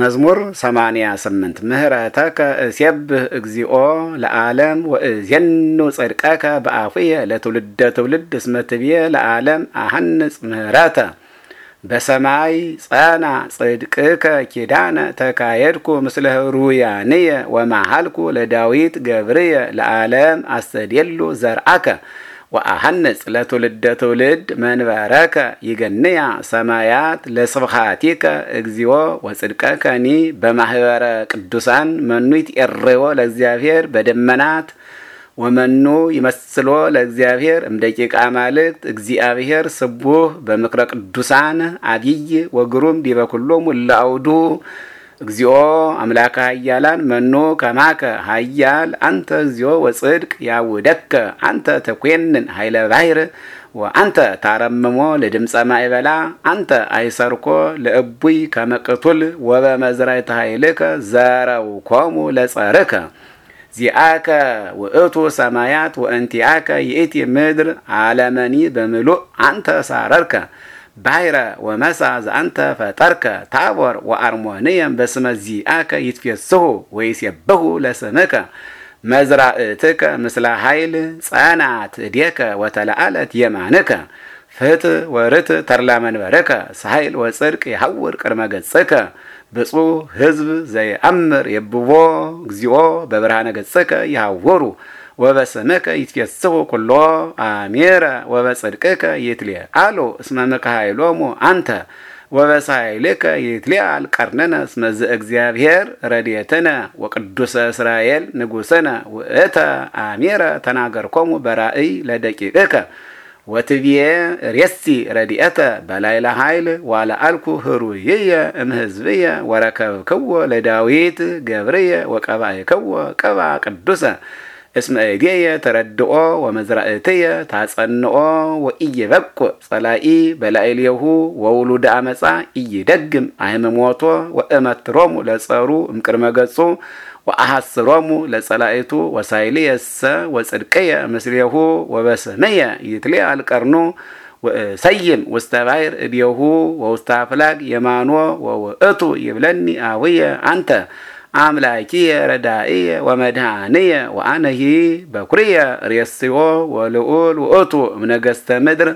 መዝሙር 88 ምህረተከ እሴብህ እግዚኦ ለዓለም ወእዜኑ ጽድቀከ በአፉየ ለትውልደ ትውልድ እስመ ትብየ ለዓለም አሐንጽ ምህረተ በሰማይ ጸና ጽድቅከ ኪዳነ ተካየድኩ ምስለ ሩያንየ ወማሃልኩ ለዳዊት ገብርየ ለዓለም አስተድየሉ ዘርአከ ወአሐንጽ ለትውልደ ትውልድ መንበረከ ይገንያ ሰማያት ለስብሃቲከ እግዚኦ ወጽድቀከኒ በማህበረ ቅዱሳን መኑት ኤርዎ ለእግዚአብሔር በደመናት ወመኑ ይመስሎ ለእግዚአብሔር እምደቂቃ ማልክት እግዚአብሔር ስቡህ በምክረ ቅዱሳን አብይ ወግሩም ዲበኩሎም ለአውዱ እግዚኦ አምላከ ሀያላን መኖ ከማከ ሀያል አንተ እግዚኦ ወጽድቅ ያውደከ አንተ ተኮንን ኃይለ ባሕር ወአንተ ታረምሞ ለድምፀ ማይበላ አንተ አይሰርኮ ለእቡይ ከመቅቱል ወበመዝራይተ ኃይልከ ኮሙ ለጸርከ ዚአከ ውእቱ ሰማያት ወእንቲአከ ይእቲ ምድር አለመኒ በምሉእ አንተ ሳረርከ ባይረ ወመሳ ዘአንተ ፈጠርከ ታቦር ወአርሞንየም በስመ ዚአከ ይትፌስሑ ወይሴበሁ ለስምከ መዝራእትከ ምስለ ኃይል ጸናት እዴከ ወተለአለት የማንከ ፍት ወርት ተርላ መንበርከ ሳይል ወጽድቅ የሐውር ቅድመ ገጽከ ብፁዕ ሕዝብ ዘይአምር የብቦ እግዚኦ በብርሃነ ገጽከ ይሐወሩ ወበስምከ ይትፌስሑ ኩሎ አሜረ ወበጽድቅከ ይትልየአሉ እስመ መካይሎሙ አንተ ወበሳይልከ ይትልየአል ቀርነነ እስመ ዘእግዚአብሔር ረድኤትነ ወቅዱሰ እስራኤል ንጉሰነ ውእተ አሜረ ተናገርኮሙ በራእይ ለደቂቅከ ወትብዬ ሬሲ ረድኤተ በላይለ ኃይል ዋለአልኩ ህሩይየ እምሕዝብየ ወረከብክዎ ለዳዊት ገብርየ ወቀባእክዎ ቅባ ቅዱሰ እስመ እግየ ተረድኦ ወመዝራእትየ ታጸንኦ ወኢይበቁዕ ጸላኢ በላዕሌሁ ወውሉደ አመፃ ኢይደግም አህምሞቶ ወእመትሮሙ ለጸሩ እምቅድመ ገጹ ወአሐስሮሙ ለጸላኢቱ ወሳይልየሰ ወጽድቅየ ምስሌሁ ወበስመየ ይትልየ አልቀርኑ ወእሰይም ውስተ ባሕር እድየሁ ወውስተ አፍላግ የማኖ ወውእቱ ይብለኒ አብየ አንተ አምላኪየ ረዳእየ ወመድኃኒየ ወአነሂ በኩርየ ሬስዮ ወልዑል ውእቱ እምነገሥተ ምድር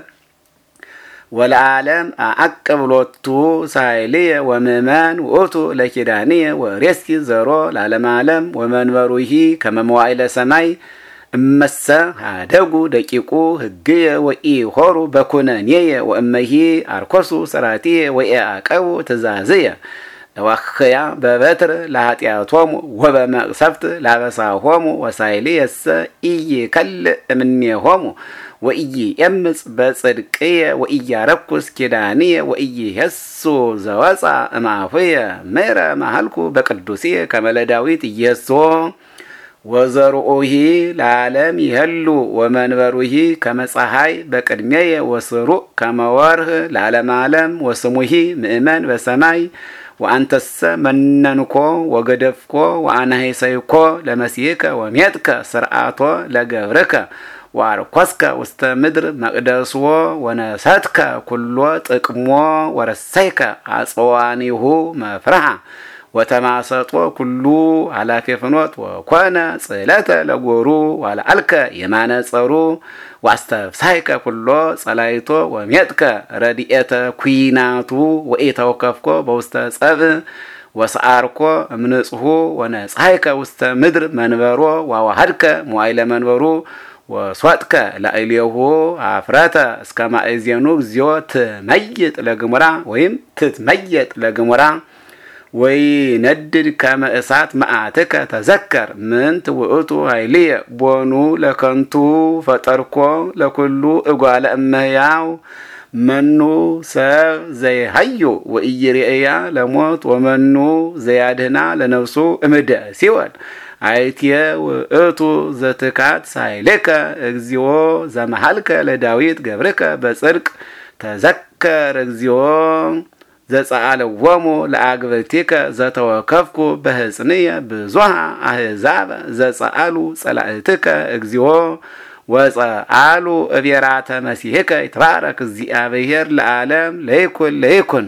ወለዓለም አቅብሎቱ ሳይልየ ወምእመን ውእቱ ለኪዳንየ ወሬስኪ ዘሮ ለዓለም ዓለም ወመንበሩሂ ከመ ሰማይ እመሰ ሃደጉ ደቂቁ ሕግየ ወኢሖሩ በኩነንየየ ወእመሂ አርኮሱ ስራትየ ወኢአቀቡ ትእዛዝየ ለዋክያ በበትር ለኃጢአቶሙ ወበመቅሰፍት ላበሳሆሙ ወሳይልየሰ ኢይከልእ እምኔሆሙ ወኢይኤምፅ በጽድቅየ ወኢያረኩስ ኪዳንየ ወኢይሄሱ ዘወፃ እምአፉየ ምሕረ መሃልኩ በቅዱስየ ከመ ለዳዊት ኢየሱዎ ወዘርኡሂ ለዓለም ይህሉ ወመንበሩሂ ከመ ፀሐይ በቅድሜየ ወስሩዕ ከመ ወርህ ለዓለመ ዓለም ወስሙሂ ምእመን በሰማይ ወአንተሰ መነንኮ ወገደፍኮ ወአናሂሰይኮ ለመስይከ ወሜጥከ ስርዓቶ ለገብርከ ወአርኰስከ ውስተ ምድር መቅደስዎ ወነሰትከ ኩሎ ጥቅሞ ወረሰይከ አጽዋኒሁ መፍርሃ ወተማሰጦ ኩሉ ኃላፊ ፍኖት ወኮነ ጽእለተ ለጎሩ ዋላአልከ የማነጸሩ ዋስተፍሳይከ ኩሎ ጸላይቶ ወሜጥከ ረድኤተ ኩናቱ ወኢተውከፍኮ በውስተ ጸብእ ወሰአርኮ እምንጽሁ ወነጽሐይከ ውስተ ምድር መንበሮ ዋዋሃድከ መዋይለ መንበሩ ወሶጥከ ላዕሌሁ አፍረተ እስከ ማእዜኑ እግዚኦ ትመይጥ ለግሙራ ወይም ትትመየጥ ለግሙራ ወይነድድ ከመ እሳት መዓትከ ተዘከር ምንት ውእቱ ኃይልየ ቦኑ ለከንቱ ፈጠርኮ ለኩሉ እጓለ እመሕያው መኑ ሰብ ዘይሃዩ ወኢይርእያ ለሞት ወመኑ ዘያድህና ለነፍሱ እምደ ሲወል አይትየ ውእቱ ዘትካት ሳይልከ እግዚኦ ዘመሃልከ ለዳዊት ገብርከ በጽድቅ ተዘከር እግዚኦ ዘጻአለ ወሙ ለአግብቲከ ዘተወከፍኩ በህጽንየ ብዙሃ አህዛብ ዘፀአሉ ጸላእትከ እግዚኦ ወፀአሉ እቤራተ መሲሕከ ይትባረክ እግዚአብሔር ለዓለም ለይኩን ለይኩን